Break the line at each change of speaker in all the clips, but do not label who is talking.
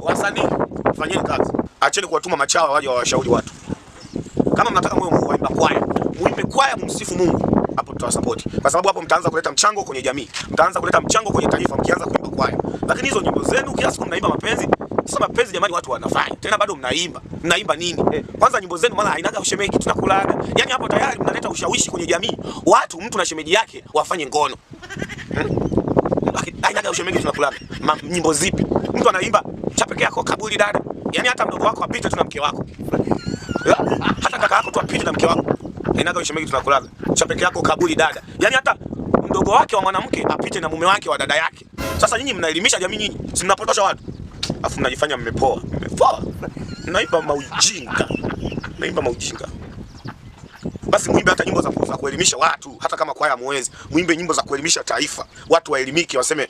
Wasanii fanyeni kazi, acheni kuwatuma machawa waje wawashauri watu. Kama mnataka mwe muimba kwaya, muimbe kwaya, mumsifu Mungu, hapo tutawasapoti, kwa sababu hapo mtaanza kuleta mchango kwenye jamii, mtaanza kuleta mchango kwenye taifa mkianza kuimba kwaya. Lakini hizo nyimbo zenu kila siku mnaimba mapenzi sasa mapenzi jamani, watu wanafanya tena, bado mnaimba mnaimba nini eh, Kwanza nyimbo zenu maana hainaga ushemeji, tunakulaga yani. Hapo tayari mnaleta ushawishi kwenye jamii, watu mtu na shemeji yake wafanye ngono aina gani ushemeji tunakula nyimbo zipi? Mtu anaimba cha peke yako kaburi dada, Yaani hata mdogo wako apite tuna mke wako, eh? hata kaka yako tu apite na mke wako. Aina gani ushemeji tunakula cha peke yako kaburi dada, Yaani hata mdogo wake wa mwanamke apite na mume wake wa dada yake. Sasa nyinyi mnaelimisha jamii, nyinyi si mnapotosha watu, afu mnajifanya mmepoa. Mmepoa, mnaimba maujinga, mnaimba maujinga basi mwimbe hata nyimbo za, za kuelimisha watu. Hata kama kwaya muwezi, mwimbe nyimbo za kuelimisha taifa, watu waelimike, waseme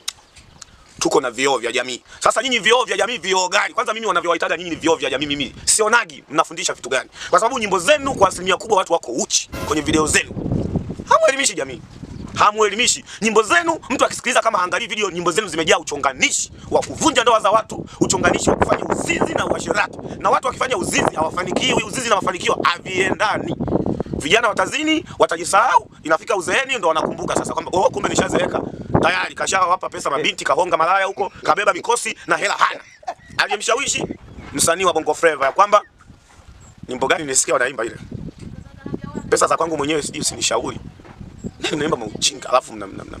tuko na vioo vya jamii. Sasa nyinyi vioo vya jamii, vioo gani? Kwanza mimi wanavyowaitaga nyinyi ni vioo vya jamii, mimi sionagi mnafundisha vitu gani, kwa sababu nyimbo zenu kwa asilimia kubwa watu wako uchi kwenye video zenu, hamuelimishi jamii hamuelimishi nyimbo zenu. Mtu akisikiliza kama haangalii video, nyimbo zenu zimejaa uchonganishi wa kuvunja ndoa za watu, uchonganishi wa kufanya uzinzi na uasherati, na watu wakifanya uzinzi hawafanikiwi, uzinzi na mafanikio haviendani. Vijana watazini, watajisahau, inafika uzeeni ndo wanakumbuka sasa kwamba oh, kumbe nishazeeka tayari. Kashawapa pesa mabinti, kahonga malaya huko, kabeba mikosi na hela hana. Aliyemshawishi msanii wa Bongo Flava ya kwamba nyimbo gani nisikia wanaimba ile pesa za kwangu mwenyewe sijui usinishauri nani naimba maujinga, alafu mna, mna, mna.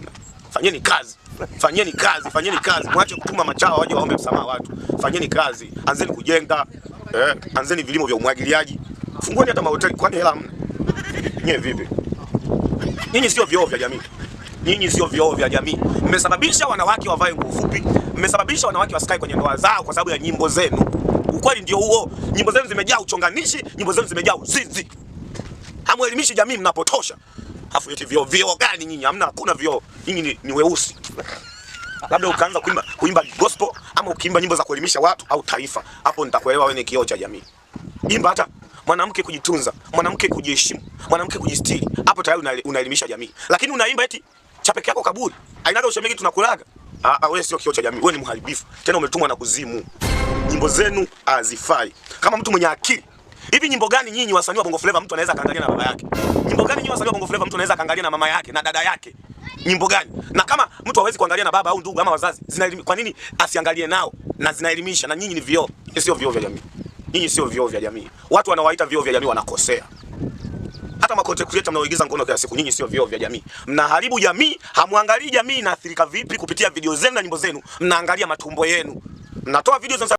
Fanyeni kazi, fanyeni kazi, fanyeni kazi, mwache kutuma machawa waje waombe msamaha watu. Fanyeni kazi, anzeni kujenga eh, anzeni vilimo vya umwagiliaji, fungueni hata mahoteli, kwani hela hamna? Nye vipi? Nyinyi sio vioo vya jamii. Nyinyi sio vioo vya jamii. Mmesababisha wanawake wavae nguo fupi, mmesababisha wanawake wasikae kwenye ndoa zao kwa sababu ya nyimbo zenu. Ukweli ndio huo. Nyimbo zenu zimejaa uchonganishi, nyimbo zenu zimejaa uzinzi. Hamuelimishi jamii, mnapotosha. Afu eti vioo, vioo gani nyinyi? Hamna, hakuna vioo. Nyinyi ni, ni weusi. Labda ukaanza kuimba kuimba gospel ama ukiimba nyimbo za kuelimisha watu au taifa, hapo nitakuelewa wewe ni kioo cha jamii. Imba hata mwanamke kujitunza, mwanamke kujiheshimu, mwanamke kujistiri, hapo tayari unaelimisha jamii. Lakini unaimba eti cha peke yako kaburi, ainaga ushemegi tunakulaga. Ah, ah, wewe sio kio cha jamii, wewe ni mharibifu, tena umetumwa na kuzimu. Nyimbo zenu hazifai. Kama mtu mwenye akili Hivi nyimbo gani nyinyi wasanii wa Bongo Flava mtu anaweza kaangalia na baba yake? Nyimbo gani nyinyi wasanii wa Bongo Flava mtu anaweza kaangalia na mama yake na dada yake? Nyimbo gani? Na kama mtu hawezi kuangalia na baba au ndugu ama wazazi, zinaelimi, Kwa nini asiangalie nao? Na zinaelimisha na nyinyi ni vioo, sio vioo vya jamii. Nyinyi sio vioo vya jamii. Watu wanawaita vioo vya jamii wanakosea. Hata makote creator mnaoigiza ngono kila siku, nyinyi sio vioo vya jamii. Mnaharibu jamii, hamwangalii jamii inaathirika vipi kupitia video zenu na nyimbo zenu. Mnaangalia matumbo yenu. Mnatoa video za